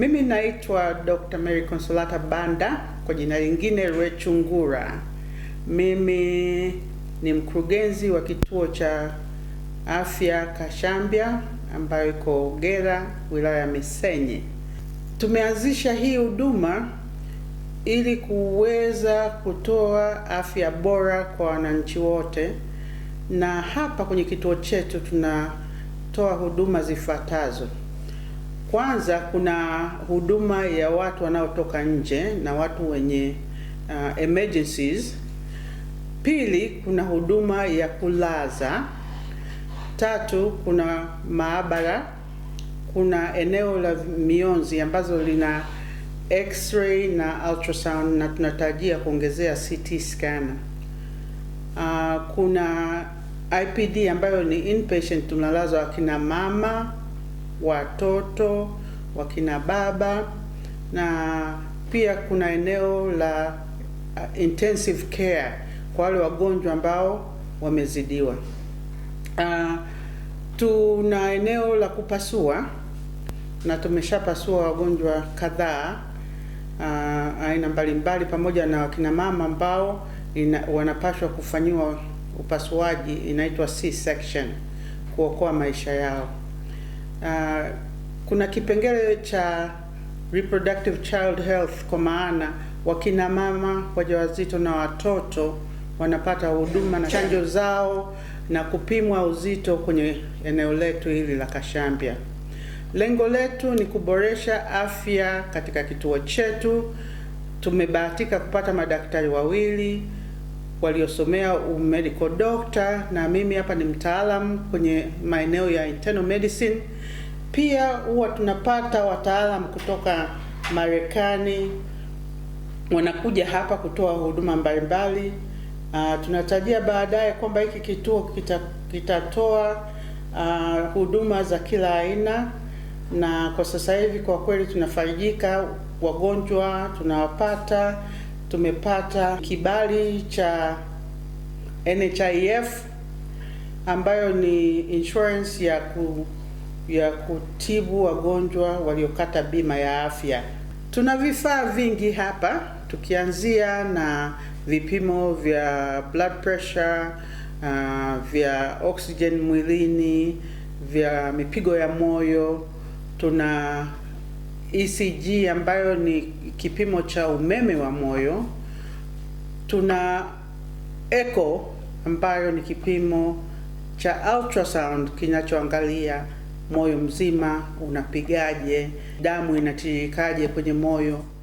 Mimi naitwa Dr. Mary Consolata Banda kwa jina lingine Rwechungura. Mimi ni mkurugenzi wa kituo cha afya Kashambya ambayo iko Ogera, wilaya ya Misenyi. Tumeanzisha hii huduma ili kuweza kutoa afya bora kwa wananchi wote, na hapa kwenye kituo chetu tunatoa huduma zifuatazo. Kwanza kuna huduma ya watu wanaotoka nje na watu wenye uh, emergencies. Pili, kuna huduma ya kulaza. Tatu, kuna maabara. Kuna eneo la mionzi ambazo lina x-ray na ultrasound na tunatarajia kuongezea CT scan. Uh, kuna IPD ambayo ni inpatient, tunalazwa akina mama watoto, wakina baba na pia kuna eneo la uh, intensive care kwa wale wagonjwa ambao wamezidiwa. Uh, tuna eneo la kupasua na tumeshapasua wagonjwa kadhaa uh, aina mbalimbali pamoja na wakina mama ambao ina, wanapashwa kufanyiwa upasuaji inaitwa C section kuokoa maisha yao uh, kuna kipengele cha reproductive child health, kwa maana wakina mama wajawazito na watoto wanapata huduma na chanjo zao na kupimwa uzito kwenye eneo letu hili la Kashambia. Lengo letu ni kuboresha afya katika kituo chetu. Tumebahatika kupata madaktari wawili waliosomea medical doctor, na mimi hapa ni mtaalam kwenye maeneo ya internal medicine. Pia huwa tunapata wataalam kutoka Marekani wanakuja hapa kutoa huduma mbalimbali. Uh, tunatarajia baadaye kwamba hiki kituo kita, kitatoa uh, huduma za kila aina, na kwa sasa hivi kwa kweli tunafaidika, wagonjwa tunawapata tumepata kibali cha NHIF ambayo ni insurance ya ku, ya kutibu wagonjwa waliokata bima ya afya. Tuna vifaa vingi hapa tukianzia na vipimo vya blood pressure, uh, vya oxygen mwilini, vya mipigo ya moyo tuna ECG ambayo ni kipimo cha umeme wa moyo, tuna echo ambayo ni kipimo cha ultrasound kinachoangalia moyo mzima unapigaje, damu inatiririkaje kwenye moyo.